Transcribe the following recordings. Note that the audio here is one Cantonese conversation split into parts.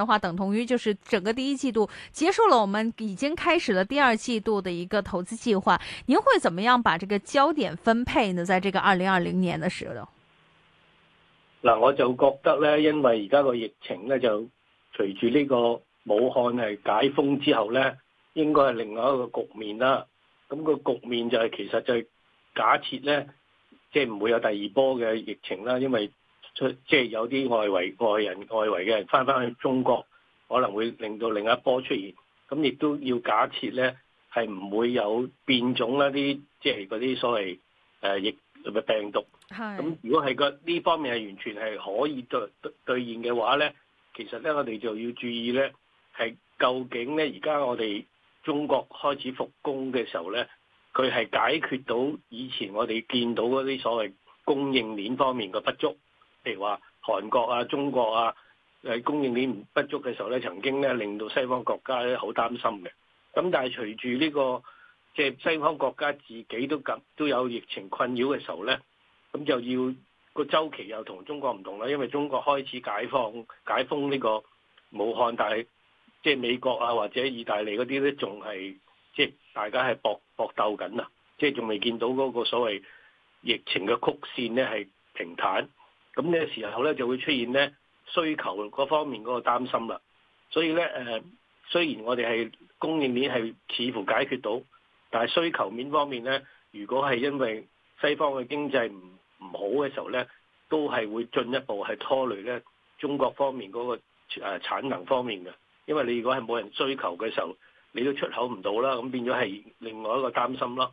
的話等同於就是整個第一季度結束了，我們已經開始了第二季度的一個投資計劃。您會怎麼樣把這個焦點分配呢？在這個二零二零年的時候，嗱，我就覺得呢，因為而家個疫情呢，就隨住呢個武漢係解封之後呢，應該係另外一個局面啦。咁個局面就係，其實就係假設呢，即係唔會有第二波嘅疫情啦，因為。即係有啲外圍外人外圍嘅人翻返去中國，可能會令到另一波出現。咁亦都要假設咧，係唔會有變種一啲，即係嗰啲所謂誒疫病毒。係是。咁如果係個呢方面係完全係可以兌兌現嘅話咧，其實咧我哋就要注意咧，係究竟咧而家我哋中國開始復工嘅時候咧，佢係解決到以前我哋見到嗰啲所謂供應鏈方面嘅不足。譬如話韓國啊、中國啊，誒供應鏈不足嘅時候咧，曾經咧令到西方國家咧好擔心嘅。咁但係隨住呢、呢個即係、即係、西方國家自己都咁都有疫情困擾嘅時候咧，咁就要個周期又同中國唔同啦。因為中國開始解放解封呢個武漢，但係即係美國啊或者意大利嗰啲咧，仲係即係大家係搏搏鬥緊啊，即係仲未見到嗰個所謂疫情嘅曲線咧係平坦。咁呢個時候咧，就會出現咧需求嗰方面嗰個擔心啦。所以咧，誒、呃、雖然我哋係供應鏈係似乎解決到，但係需求面方面咧，如果係因為西方嘅經濟唔唔好嘅時候咧，都係會進一步係拖累咧中國方面嗰個誒產能方面嘅。因為你如果係冇人需求嘅時候，你都出口唔到啦，咁變咗係另外一個擔心咯。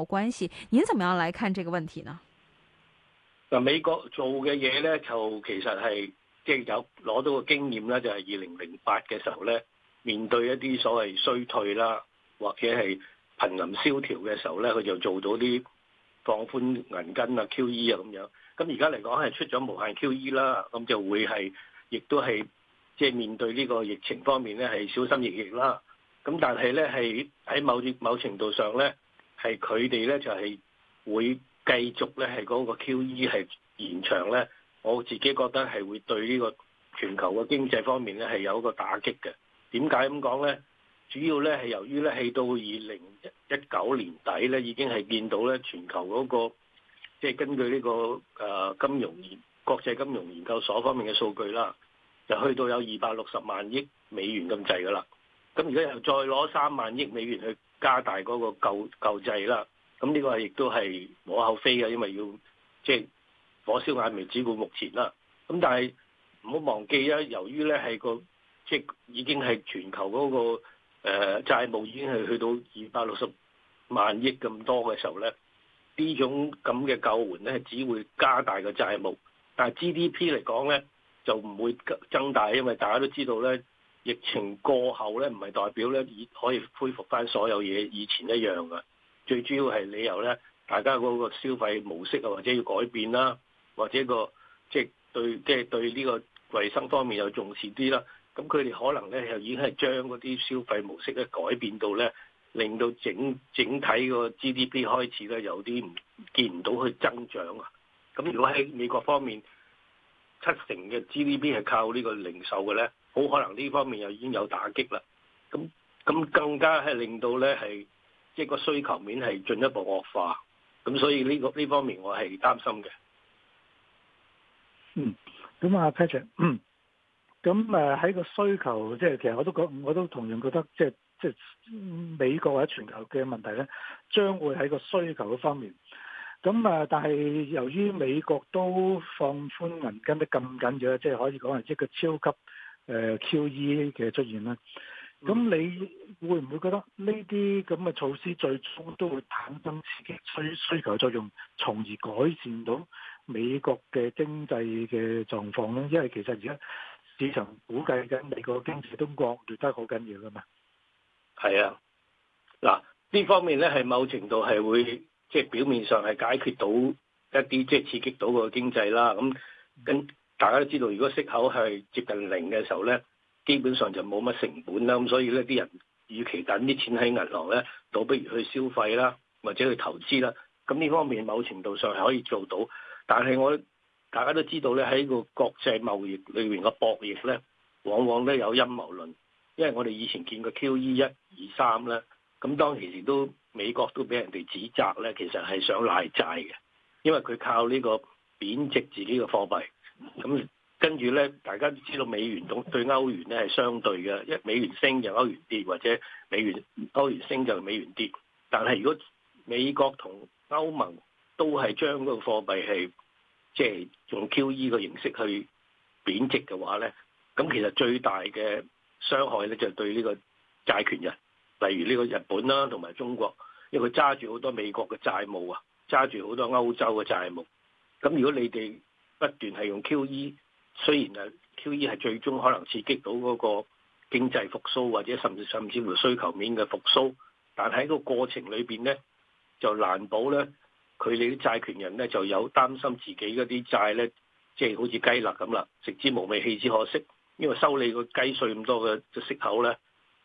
關係，您怎麼樣來看這個問題呢？嗱，美國做嘅嘢呢，就其實係即係有攞到個經驗呢，就係二零零八嘅時候呢，面對一啲所謂衰退啦，或者係瀕臨蕭條嘅時候呢，佢就做到啲放寬銀根啊、QE 啊咁樣。咁而家嚟講係出咗無限 QE 啦，咁就會係亦都係即係面對呢個疫情方面呢，係小心翼翼啦。咁但係呢，係喺某某程度上呢，係佢哋咧就係會繼續咧，係嗰個 QE 係延長咧，我自己覺得係會對呢個全球嘅經濟方面咧係有一個打擊嘅。點解咁講咧？主要咧係由於咧去到二零一九年底咧已經係見到咧全球嗰個，即係根據呢個誒金融研國際金融研究所方面嘅數據啦，就去到有二百六十萬億美元咁滯噶啦。咁如果又再攞三萬億美元去。加大嗰個救救濟啦，咁呢個亦都係無可厚非嘅，因為要即係、就是、火燒眼眉，只顧目前啦。咁但係唔好忘記啊，由於咧係個即係、就是、已經係全球嗰、那個誒、呃、債務已經係去到二百六十萬億咁多嘅時候咧，呢種咁嘅救援咧只會加大個債務，但係 GDP 嚟講咧就唔會增大，因為大家都知道咧。疫情過後咧，唔係代表咧以可以恢復翻所有嘢以前一樣嘅。最主要係理由咧，大家嗰個消費模式啊，或者要改變啦，或者個即係、就是、對即係、就是、對呢個衞生方面又重視啲啦。咁佢哋可能咧又已經係將嗰啲消費模式咧改變到咧，令到整整體個 GDP 開始咧有啲唔見唔到佢增長啊。咁如果喺美國方面，七成嘅 GDP 係靠呢個零售嘅咧。好可能呢方面又已經有打擊啦，咁咁更加係令到咧係即係個需求面係進一步惡化，咁所以呢個呢方面我係擔心嘅、嗯啊。嗯，咁啊 Patrick，嗯，咁啊喺個需求即係其實我都講，我都同樣覺得即係即係美國或者全球嘅問題咧，將會喺個需求方面。咁啊，但係由於美國都放寬銀根得咁緊咗，即係可以講係一個超級。誒 QE 嘅出現咧，咁你會唔會覺得呢啲咁嘅措施最終都會產生刺激需需求作用，從而改善到美國嘅經濟嘅狀況咧？因為其實而家市場估計緊美國經濟都過劣得好緊要㗎嘛。係啊，嗱，呢方面咧係某程度係會即係、就是、表面上係解決到一啲即係刺激到個經濟啦。咁跟。嗯大家都知道，如果息口係接近零嘅時候呢，基本上就冇乜成本啦。咁所以呢啲人與其等啲錢喺銀行呢，倒不如去消費啦，或者去投資啦。咁呢方面某程度上係可以做到。但係我大家都知道呢，喺個國際貿易裏面嘅博弈呢，往往都有陰謀論。因為我哋以前見過 QE 一、二、三呢。咁當其時都美國都俾人哋指責呢，其實係想賴債嘅，因為佢靠呢個貶值自己嘅貨幣。咁跟住咧，大家都知道美元同對歐元咧係相對嘅，一美元升就歐元跌，或者美元歐元升就美元跌。但係如果美國同歐盟都係將嗰個貨幣係即係用 QE 嘅形式去貶值嘅話咧，咁其實最大嘅傷害咧就係、對呢個債權人，例如呢個日本啦、啊，同埋中國，因為佢揸住好多美國嘅債務啊，揸住好多歐洲嘅債務。咁如果你哋，不斷係用 QE，雖然啊 QE 係最終可能刺激到嗰個經濟復甦，或者甚至甚至乎需求面嘅復甦，但係喺個過程裏邊呢，就難保呢。佢哋啲債權人呢，就有擔心自己嗰啲債呢，即係好似雞肋咁啦，食之無味，棄之可惜。因為收你個雞稅咁多嘅息口呢，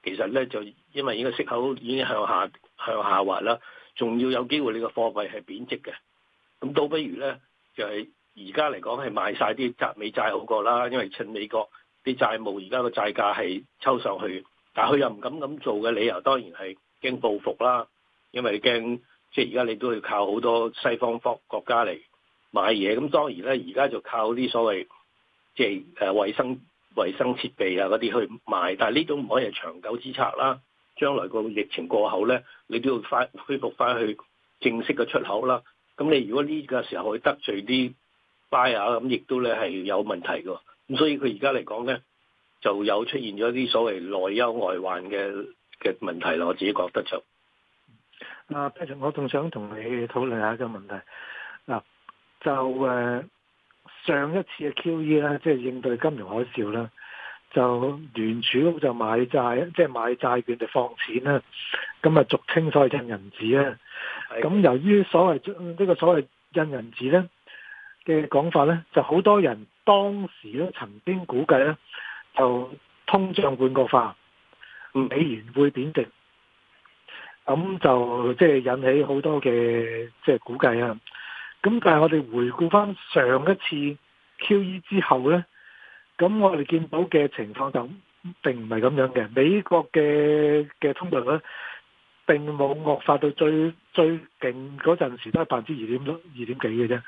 其實呢，就因為呢個息口已經向下向下滑啦，仲要有機會你個貨幣係貶值嘅，咁倒不如呢，就係，而家嚟講係賣晒啲債美債好過啦，因為趁美國啲債務而家個債價係抽上去，但係佢又唔敢咁做嘅理由當然係驚報復啦，因為驚即係而家你都要靠好多西方方國家嚟買嘢，咁當然咧，而家就靠啲所謂即係誒衞生衞生設備啊嗰啲去賣，但係呢種唔可以係長久之策啦。將來個疫情過後咧，你都要翻恢復翻去正式嘅出口啦。咁你如果呢個時候去得罪啲，拜 u y 啊，咁亦都咧，係有問題嘅，咁所以佢而家嚟講咧就有出現咗啲所謂內憂外患嘅嘅問題啦。我自己覺得就啊 Peter 我仲想同你討論下個問題嗱、啊，就誒、啊、上一次嘅 QE 咧、啊，即係應對金融海嘯啦、啊，就聯儲就買債，即係買債券就放錢啦，咁啊俗稱所謂印銀紙咧，咁的、啊、由於所謂呢、這個所謂印銀紙咧。嘅講法咧，就好多人當時咧曾經估計咧，就通脹半個化，美元會貶值，咁就即係、就是、引起好多嘅即係估計啊。咁但係我哋回顧返上一次 QE 之後咧，咁我哋見到嘅情況就並唔係咁樣嘅。美國嘅嘅通脹咧並冇惡化到最最勁嗰陣時都係百分之二點二點幾嘅啫。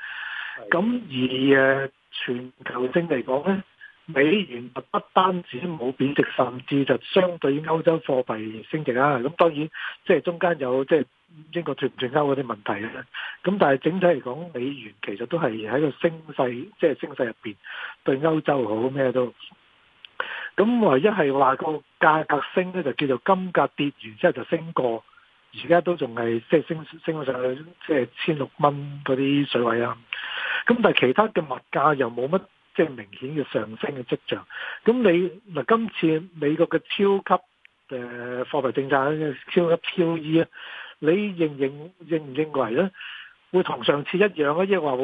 咁而誒全球性嚟講咧，美元不單止冇貶值，甚至就相對於歐洲貨幣升值啦、啊。咁當然即係、就是、中間有即係、就是、英國脫唔脫歐嗰啲問題啦、啊。咁但係整體嚟講，美元其實都係喺個升勢，即、就、係、是、升勢入邊對歐洲好咩都好。咁唯一係話個價格升咧，就叫做金價跌完之後就升過。而家都仲係即係升升上去，即係千六蚊嗰啲水位啊！咁但係其他嘅物價又冇乜即係明顯嘅上升嘅跡象。咁你嗱今次美國嘅超級誒貨幣政策啊，超級 QE 啊，你認唔認認唔認為咧會同上次一樣咧，亦或會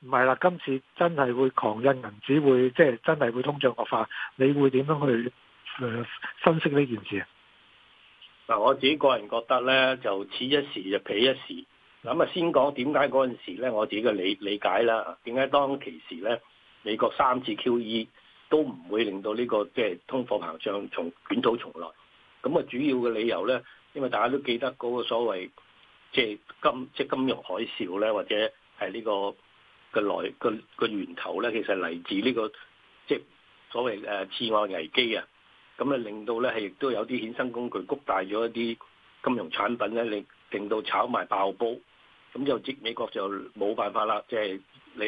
唔係啦？今次真係會狂印銀紙，會即係真係會通脹惡化？你會點樣去誒分析呢件事啊？嗱，我自己個人覺得咧，就此一時就彼一時。咁啊，先講點解嗰陣時咧，我自己嘅理理解啦。點解當其時咧，美國三次 QE 都唔會令到呢、這個即係、就是、通貨膨脹從捲土重來？咁啊，主要嘅理由咧，因為大家都記得嗰個所謂即係金即係金融海嘯咧，或者係呢、這個嘅來嘅嘅源頭咧，其實嚟自呢、這個即係所謂誒次按危機啊。咁啊，令到咧係亦都有啲衍生工具谷大咗一啲金融產品咧，令令到炒賣爆煲。咁就即美國就冇辦法啦，即係你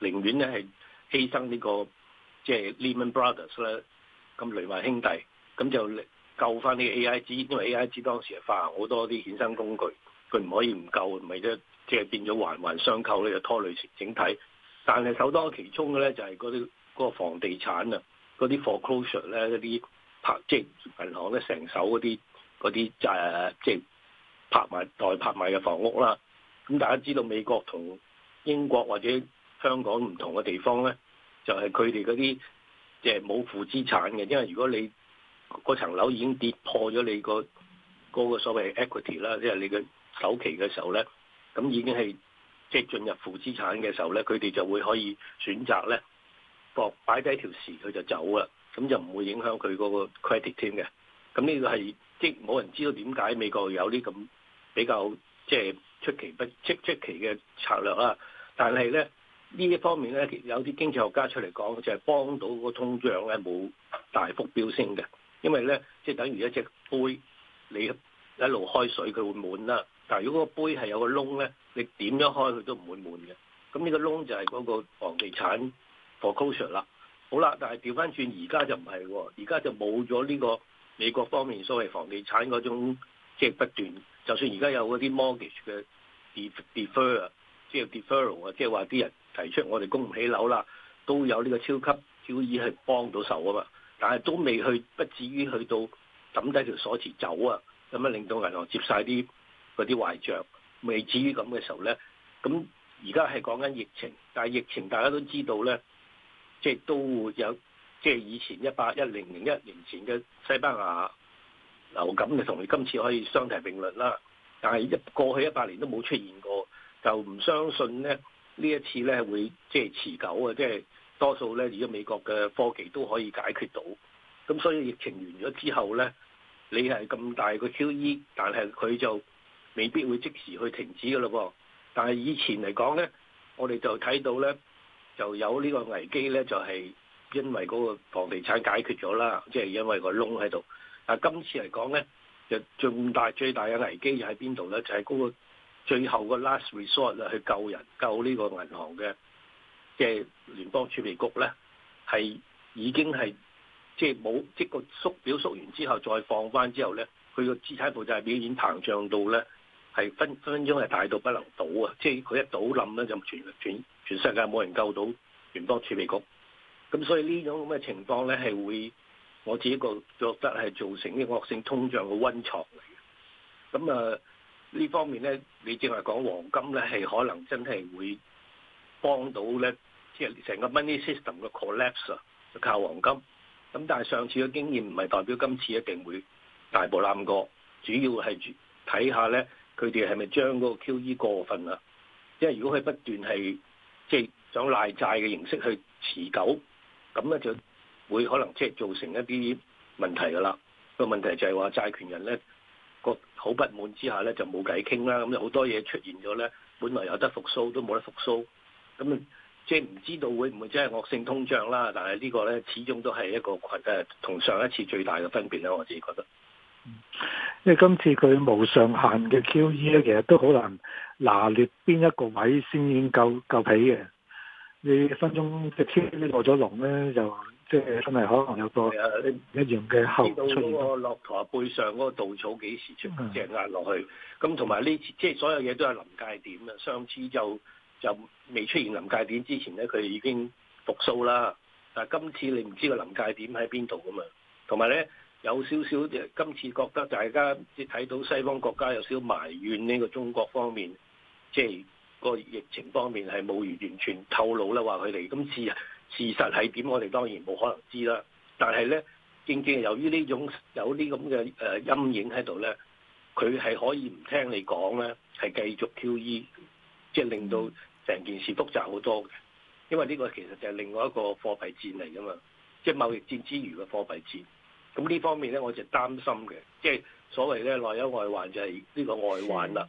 寧願咧係犧牲呢個即係 Lehman Brothers 咧咁雷曼兄弟，咁就救翻呢個 AIG，因為 AIG 當時係發好多啲衍生工具，佢唔可以唔救，唔係即即係變咗環環相扣咧，就拖累整體。但係首當其衝嘅咧就係嗰啲嗰個房地產啊，嗰啲 foreclosure 咧嗰啲拍即係銀行咧成手嗰啲嗰啲誒即拍賣代拍賣嘅房屋啦。咁大家知道美國同英國或者香港唔同嘅地方咧，就係佢哋嗰啲即係冇負資產嘅，因為如果你嗰層樓已經跌破咗你個嗰個所謂 equity 啦，即係你嘅首期嘅時候咧，咁已經係即係進入負資產嘅時候咧，佢哋就會可以選擇咧，放擺低條時佢就走啦，咁就唔會影響佢嗰個 credit 添嘅。咁呢個係即係冇人知道點解美國有啲咁比較即係。就是出奇不即即其嘅策略啦、啊，但係咧呢一方面咧，有啲經濟學家出嚟講就係、是、幫到個通脹咧冇大幅飆升嘅，因為咧即係等於一隻杯，你一路開水佢會滿啦，但係如果杯個杯係有個窿咧，你點樣開佢都唔會滿嘅，咁呢個窿就係嗰個房地產 foreclosure 啦。好啦，但係掉返轉而家就唔係、哦，而家就冇咗呢個美國方面所謂房地產嗰種。即係不斷，就算而家有嗰啲 mortgage 嘅 defer 啊，即係 defer 啊，即係話啲人提出我哋供唔起樓啦，都有呢個超級 QE 係幫到手啊嘛。但係都未去不至於去到抌低條鎖匙走啊，咁樣令到銀行接晒啲啲壞賬，未至於咁嘅時候咧。咁而家係講緊疫情，但係疫情大家都知道咧，即係都會有，即係以前一百一零零一年前嘅西班牙。流感就同你今次可以相提並論啦，但係一過去一百年都冇出現過，就唔相信咧呢一次咧會即係持久啊！即係多數咧，而家美國嘅科技都可以解決到，咁所以疫情完咗之後咧，你係咁大個 QE，但係佢就未必會即時去停止嘅咯噃。但係以前嚟講咧，我哋就睇到咧就有呢個危機咧，就係因為嗰個房地產解決咗啦，即係因為個窿喺度。啊！今次嚟講咧，就最大最大嘅危機又喺邊度咧？就係嗰個最後個 last resort 啊，去救人救呢個銀行嘅即係聯邦儲備局咧，係已經係即係冇即個縮表縮完之後再放翻之後咧，佢個資產負債表現膨脹到咧係分分分鐘係大到不能倒啊！即係佢一倒冧咧，就全全全世界冇人救到聯邦儲備局。咁所以呢種咁嘅情況咧，係會。我自己個覺得係造成呢個惡性通脹嘅溫床嚟嘅，咁啊呢方面咧，你正話講黃金咧係可能真係會幫到咧，即係成個 money system 嘅 collapse 啊，就靠黃金。咁但係上次嘅經驗唔係代表今次一定會大步濫過，主要係睇下咧佢哋係咪將嗰個 QE 過分啊？因為如果佢不斷係即係想賴債嘅形式去持久，咁咧就。會可能即係造成一啲問題噶啦，個問題就係話債權人咧個好不滿之下咧就冇偈傾啦，咁好多嘢出現咗咧，本來有得復甦都冇得復甦，咁、嗯、即係唔知道會唔會真係惡性通脹啦？但係呢個咧始終都係一個群誒，同上一次最大嘅分別咧，我自己覺得，因為、嗯、今次佢無上限嘅 QE 咧，其實都好難拿捏邊一個位先夠夠皮嘅。你分鐘即天過咗龍咧，就即真係可能有個唔一樣嘅後出現。到個駱駝背上嗰個稻草幾時出現的，即壓落去。咁同埋呢次即所有嘢都係臨界點啊。上次就就未出現臨界點之前咧，佢已經復甦啦。但今次你唔知個臨界點喺邊度㗎嘛。同埋咧有少少，即今次覺得大家即睇到西方國家有少少埋怨呢個中國方面，即。個疫情方面係冇完全透露咧，話佢哋今次事實係點？我哋當然冇可能知啦。但係咧，正正由於呢種有啲咁嘅誒陰影喺度咧，佢係可以唔聽你講咧，係繼續 QE，即係令到成件事複雜好多嘅。因為呢個其實就係另外一個貨幣戰嚟噶嘛，即係貿易戰之餘嘅貨幣戰。咁呢方面咧，我就擔心嘅，即係所謂咧內憂外患就係呢個外患啦。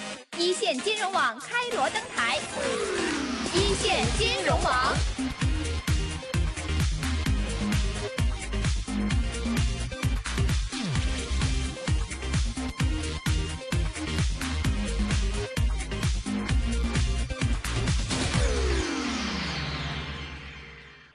一線金融網開鑼登台，一線金融網。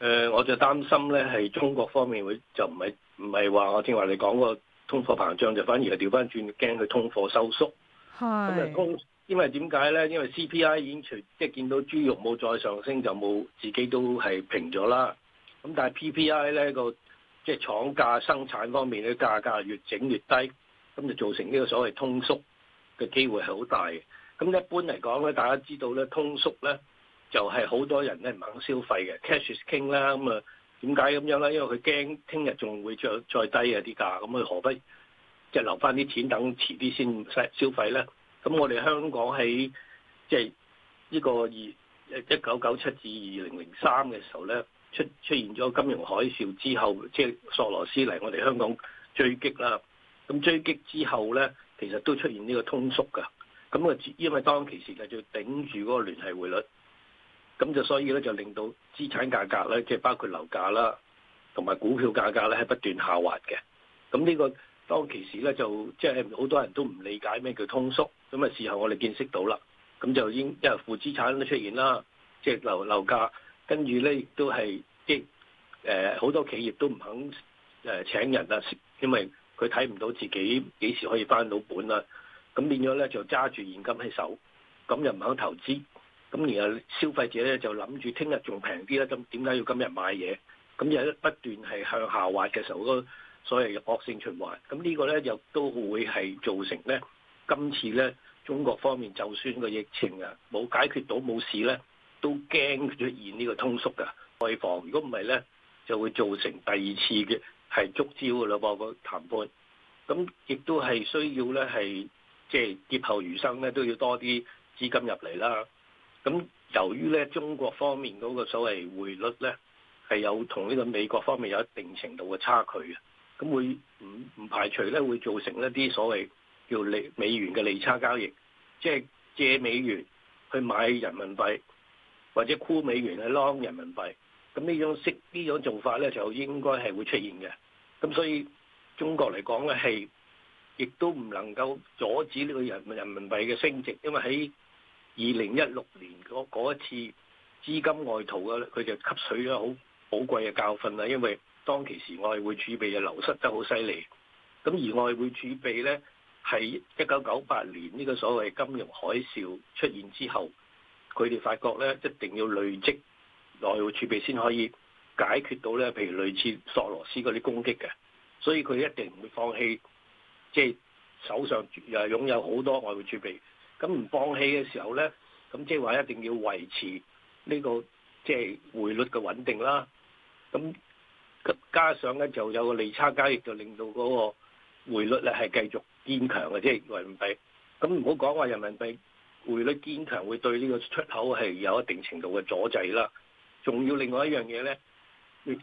誒、呃，我就擔心咧，係中國方面會就唔係唔係話我聽話你講、個通貨膨脹，就反而係調翻轉驚佢通貨收縮。係。咁啊通，因為點解咧？因為 CPI 已經除，即係見到豬肉冇再上升，就冇自己都係平咗啦。咁但係 PPI 咧、個即係廠價生產方面啲價格越整越低，咁就造成呢個所謂通縮嘅機會係好大。咁一般嚟講咧，大家知道咧通縮咧。就係好多人咧唔肯消費嘅，cash is king 啦。咁啊，點解咁樣咧？因為佢驚聽日仲會再再低啊啲價，咁佢何必即係留翻啲錢等遲啲先消費咧？咁我哋香港喺即係呢個二一九九七至二零零三嘅時候咧，出出現咗金融海嘯之後，即係索羅斯嚟我哋香港追擊啦。咁追擊之後咧，其實都出現呢個通縮㗎。咁啊，因為當其時係就頂住嗰個聯繫匯率。咁就所以咧，就令到資產價格咧，即係包括樓價啦，同埋股票價格咧，係不斷下滑嘅。咁呢個當其時咧，就即係好多人都唔理解咩叫通縮。咁啊，事後我哋見識到啦。咁就已經因因為負資產都出現啦，即係樓樓價，跟住咧亦都係即誒好多企業都唔肯誒請人啦，因為佢睇唔到自己幾時可以返到本啦。咁變咗咧就揸住現金喺手，咁又唔肯投資。咁然後消費者咧就諗住聽日仲平啲咧，咁點解要今日買嘢？咁又不斷係向下滑嘅時候，嗰個所謂惡性循環。咁呢個咧又都會係造成咧今次咧中國方面就算個疫情啊冇解決到冇事咧，都驚出現呢個通縮嘅開放。如果唔係咧，就會造成第二次嘅係足招嘅咯噃個談判。咁亦都係需要咧係即係劫後餘生咧，都要多啲資金入嚟啦。咁由於咧中國方面嗰個所謂匯率咧係有同呢個美國方面有一定程度嘅差距嘅，咁會唔唔排除咧會造成一啲所謂叫利美元嘅利差交易，即係借美元去買人民幣，或者沽美元去攞人民幣。咁呢種息呢種做法咧就應該係會出現嘅。咁所以中國嚟講咧係亦都唔能夠阻止呢個人民人民幣嘅升值，因為喺二零一六年嗰一次資金外逃嘅，佢就吸取咗好寶貴嘅教訓啦。因為當其時外匯儲備嘅流失得好犀利，咁而外匯儲備呢，喺一九九八年呢、呢個所謂金融海嘯出現之後，佢哋發覺呢，一定要累積外匯儲備先可以解決到呢，譬如類似索羅斯嗰啲攻擊嘅，所以佢一定唔會放棄，即係手上誒擁有好多外匯儲備。咁唔放棄嘅時候呢，咁即係話一定要維持呢個即係匯率嘅穩定啦。咁加上呢，就有個利差交易就令到嗰個匯率呢係繼續堅強嘅，即係人民幣。咁唔好講話人民幣匯率堅強會對呢個出口係有一定程度嘅阻滯啦。仲要另外一樣嘢呢，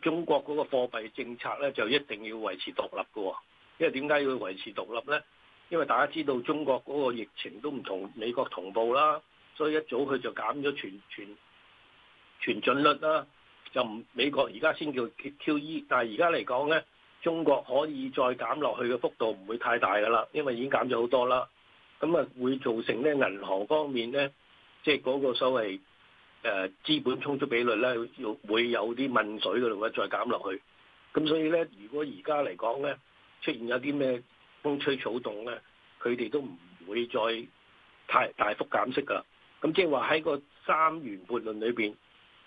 中國嗰個貨幣政策呢，就一定要維持獨立㗎喎。因為點解要維持獨立呢？因為大家知道中國嗰個疫情都唔同美國同步啦，所以一早佢就減咗全全全進率啦，就唔美國而家先叫 QE，但係而家嚟講呢，中國可以再減落去嘅幅度唔會太大㗎啦，因為已經減咗好多啦，咁啊會造成呢，銀行方面呢，即係嗰個所謂誒、呃、資本充足比率呢，要會有啲問水嘅，會再減落去，咁所以呢，如果而家嚟講呢，出現有啲咩？風吹草動咧，佢哋都唔會再太大幅減息㗎。咁即係話喺個三元悖論裏邊，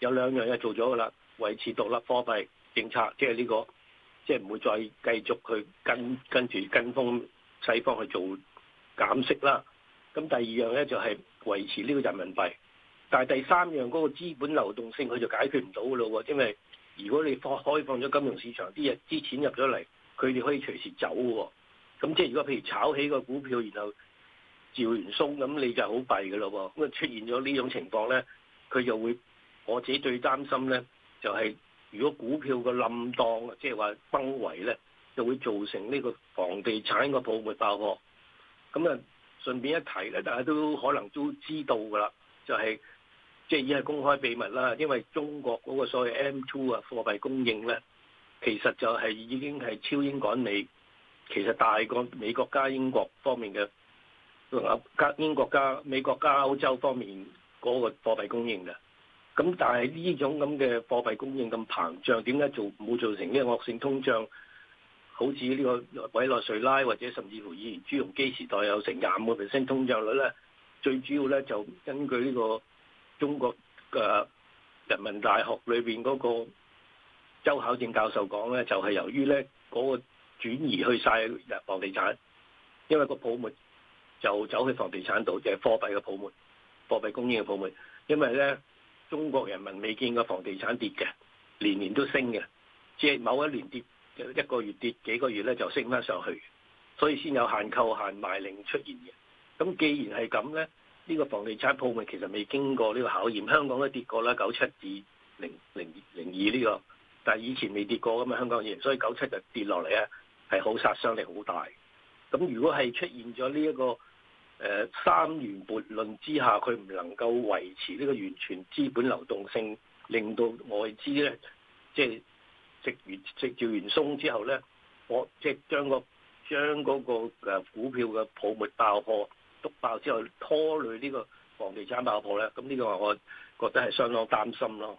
有兩樣嘢做咗㗎啦，維持獨立貨幣政策，即係呢個，即係唔會再繼續去跟跟住跟風西方去做減息啦。咁第二樣咧就係、是、維持呢個人民幣，但係第三樣嗰個資本流動性佢就解決唔到㗎啦，因為如果你放開放咗金融市場，啲嘢啲錢入咗嚟，佢哋可以隨時走㗎喎。咁即係如果譬如炒起個股票，然後照完鬆，咁你就好弊㗎咯。咁啊，出現咗呢種情況咧，佢就會我自己最擔心咧，就係如果股票個冧檔，即係話崩圍咧，就會造成呢個房地產個泡沫爆破。咁啊，順便一提咧，大家都可能都知道㗎啦，就係即係已經係公開秘密啦，因為中國嗰個所謂 M2 啊貨幣供應咧，其實就係已經係超英趕美。其實大過美國加英國方面嘅，加英國加美國加歐洲方面嗰個貨幣供應嘅，咁但係呢種咁嘅貨幣供應咁膨脹，點解做冇造成呢個惡性通脹？好似呢個委內瑞拉或者甚至乎以前朱鎔基時代有成廿五個 percent 通脹率咧，最主要咧就根據呢個中國嘅人民大學裏邊嗰個周巧正教授講咧，就係由於咧嗰個。轉移去晒誒房地產，因為個泡沫就走去房地產度，即係貨幣嘅泡沫、貨幣供應嘅泡沫。因為呢，中國人民未見過房地產跌嘅，年年都升嘅，即係某一年跌一個月跌幾個月呢就升翻上去，所以先有限購限賣令出現嘅。咁既然係咁呢，呢個房地產泡沫其實未經過呢個考驗，香港都跌過啦，九七至二零零二呢個，但係以前未跌過咁啊，香港人，所以九七就跌落嚟啊。係好，殺傷力好大。咁如果係出現咗呢一個誒、呃、三元悖論之下，佢唔能夠維持呢個完全資本流動性，令到外資咧即係直完直接完鬆之後咧，我即係、就是、將個將嗰個誒股票嘅泡沫爆破篤爆破之後，拖累呢個房地產爆破咧，咁呢個話我覺得係相當擔心咯。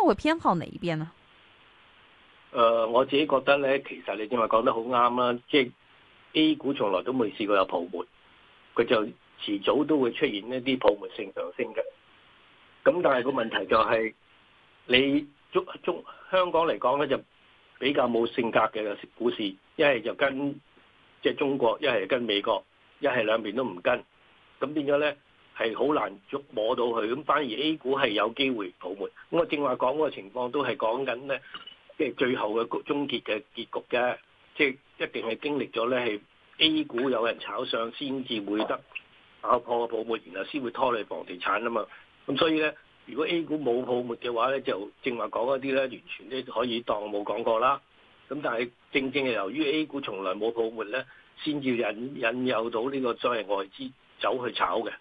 會偏好哪一邊呢？誒、呃，我自己覺得咧，其實你正話講得好啱啦，即係 A 股從來都未試過有泡沫，佢就遲早都會出現一啲泡沫性上升嘅。咁但係個問題就係，你足足香港嚟講咧就比較冇性格嘅股市，一係就跟即係中國，一係跟美國，一係兩邊都唔跟，咁變咗咧。係好難捉摸到佢，咁反而 A 股係有機會泡沫。咁我正話講個情況都係講緊呢，即係最後嘅終結嘅結局嘅，即係一定係經歷咗呢，係 A 股有人炒上，先至會得爆破個泡沫，然後先會拖累房地產啊嘛。咁所以呢，如果 A 股冇泡沫嘅話呢，就正話講嗰啲呢，完全都可以當冇講過啦。咁但係正正係由於 A 股從來冇泡沫呢，先至引引誘到呢個所謂外資走去炒嘅。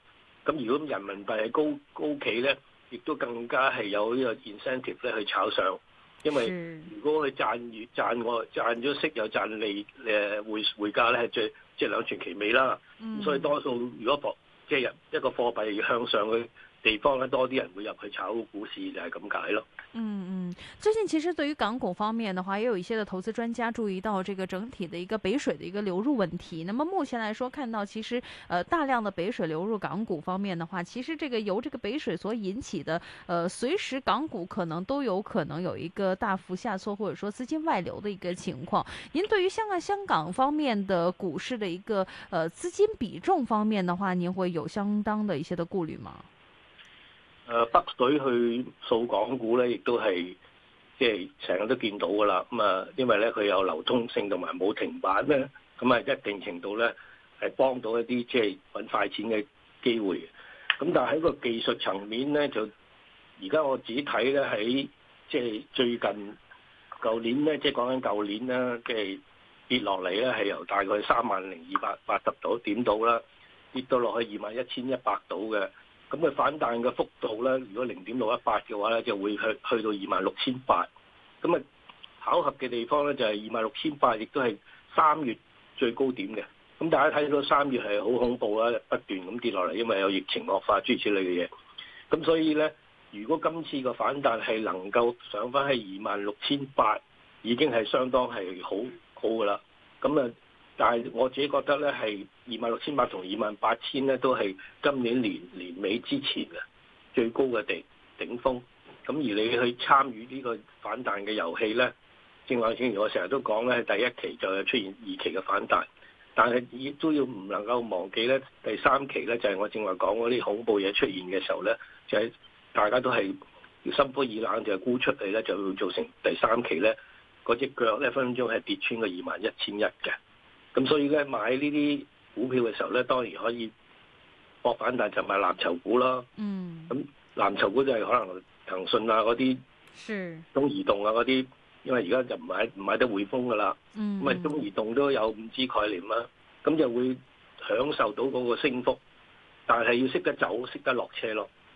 咁如果人民幣係高高企咧，亦都更加係有呢個 incentive 咧，去炒上，因為如果佢賺月賺我賺咗息又賺利誒匯匯價咧，最即係、即係、兩全其美啦。嗯、所以多數如果貨即係一一個貨幣要向上去。地方咧多啲人會入去炒股市，就係咁解咯。嗯嗯，最近其實對於港股方面的話，也有一些的投資專家注意到，這個整體的一個北水的一個流入問題。那麼目前來說，看到其實，呃，大量的北水流入港股方面的話，其實這個由這個北水所引起的，呃，隨時港股可能都有可能有一個大幅下挫，或者說資金外流的一個情況。您對於香港香港方面的股市的一個，呃，資金比重方面的話，您會有相當的一些的顧慮嗎？誒，北水去掃港股咧，亦都係即係成日都見到噶啦。咁啊，因為咧佢有流通性同埋冇停板咧，咁啊一定程度咧係幫到一啲即係揾快錢嘅機會。咁但係喺個技術層面咧，就而家我自己睇咧喺即係最近舊年咧，即係講緊舊年咧，即係跌落嚟咧係由大概三萬零二百八十度點到啦，跌到落去二萬一千一百度嘅。咁啊反彈嘅幅度咧，如果零點六一八嘅話咧，就會去去到二萬六千八。咁啊，巧合嘅地方咧就係二萬六千八，亦都係三月最高點嘅。咁大家睇到三月係好恐怖啦，不斷咁跌落嚟，因為有疫情惡化諸如此類嘅嘢。咁所以咧，如果今次嘅反彈係能夠上返喺二萬六千八，已經係相當係好好噶啦。咁啊，但係我自己覺得咧係。二萬六千八同二萬八千咧，26, 28，都係今年年年尾之前嘅最高嘅地頂峰。咁而你去參與呢個反彈嘅遊戲咧，正話正如我成日都講咧，第一期就有出現二期嘅反彈，但係亦都要唔能夠忘記咧，第三期咧就係我正話講嗰啲恐怖嘢出現嘅時候咧，就係大家都係心灰意冷，就沽出嚟咧，就造成第三期咧嗰隻腳咧分分鐘係跌穿個二萬一千一嘅。咁所以咧買呢啲。股票嘅時候咧，當然可以博反彈，就買藍籌股啦。嗯，咁藍籌股就係可能騰訊啊嗰啲，中是移動啊嗰啲，因為而家就唔買唔買得匯豐噶啦。咁啊中移動都有五 G 概念啦、啊，咁就會享受到嗰個升幅，但係要識得走，識得落車咯。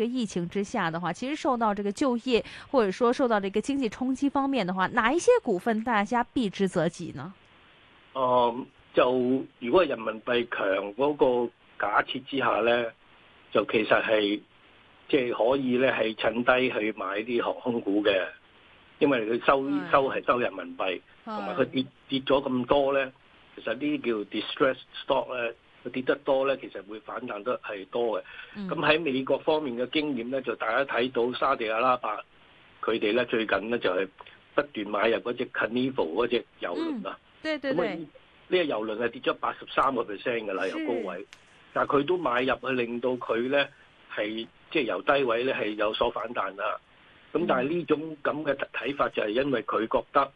個疫情之下的話，其實受到這個就業，或者說受到這個經濟衝擊方面的話，哪一些股份大家避之則吉呢？哦、呃，就如果人民幣強嗰、那個假設之下呢，就其實係即係可以呢，係趁低去買啲航空股嘅，因為佢收對收係收人民幣，同埋佢跌跌咗咁多呢，其實呢啲叫 distress stock 咧。跌得多咧，其實會反彈得係多嘅。咁喺、嗯、美國方面嘅經驗咧，就大家睇到沙地阿拉伯佢哋咧最近咧就係、是、不斷買入嗰隻 Carnival 嗰隻郵輪啊、嗯。對對，咁呢個郵輪係跌咗八十三個 percent 嘅啦，由高位，是但係佢都買入去令到佢咧係即係由低位咧係有所反彈啦。咁但係呢種咁嘅睇法就係因為佢覺得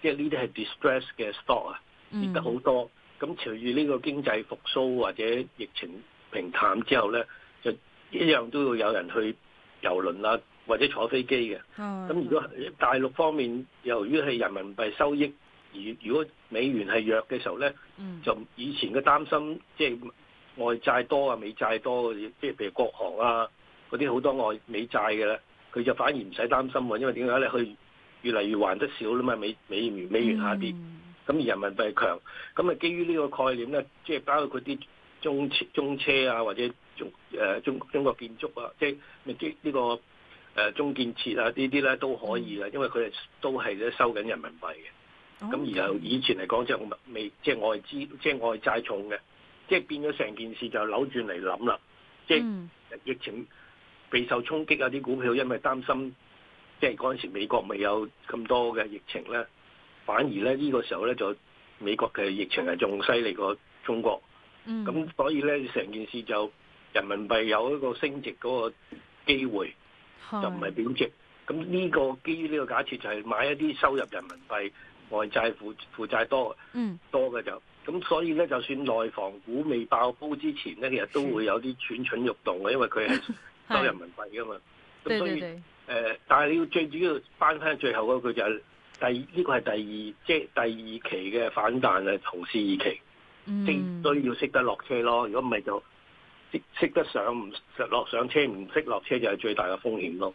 即係、就、呢、是、啲係 distress 嘅 stock 啊，跌得好多。嗯咁隨住呢個經濟復甦或者疫情平淡之後咧，就一樣都會有人去遊輪啦、啊，或者坐飛機嘅。咁、oh, right. 如果大陸方面由於係人民幣收益，而如果美元係弱嘅時候咧，mm. 就以前嘅擔心即係、就是、外債多啊、美債多啲，即係譬如國航啊嗰啲好多外美債嘅咧，佢就反而唔使擔心喎，因為點解咧？佢越嚟越還得少啦嘛，美美元美元下跌。Mm. 咁而人民幣強，咁啊基於呢個概念咧，即係包括啲中中車啊，或者仲誒中、呃、中、中國建築啊，即係呢呢個誒、呃、中建設啊呢啲咧都可以嘅，嗯、因為佢哋都係咧收緊人民幣嘅。咁然後以前嚟講，即係未即係外資即係外債重嘅，即係變咗成件事就扭轉嚟諗啦。嗯、即係疫情備受衝擊啊！啲股票因為擔心，即係嗰陣時美國未有咁多嘅疫情咧？反而咧呢個時候咧就美國嘅疫情係仲犀利過中國，咁、嗯、所以咧成件事就人民幣有一個升值嗰個機會，是就唔係貶值。咁呢個基於呢個假設就係買一啲收入人民幣外債負負債多嘅，嗯、多嘅就咁。所以咧就算內房股未爆煲之前咧，其實都會有啲蠢蠢欲動嘅，因為佢係收人民幣㗎嘛。咁是 所以誒、呃，但係你要最主要翻翻最後嗰句就係、是。第呢個係第二，即係第二期嘅反彈係同時二期，即、mm. 都要識得落車咯。如果唔係就識識得上唔落上車，唔識落車就係最大嘅風險咯。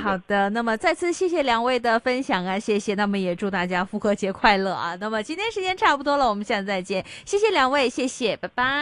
好的，那麼再次謝謝兩位的分享啊，謝謝，那麼也祝大家復活節快樂啊，那麼今天時間差不多了，我們下次再見，謝謝兩位，謝謝，拜拜。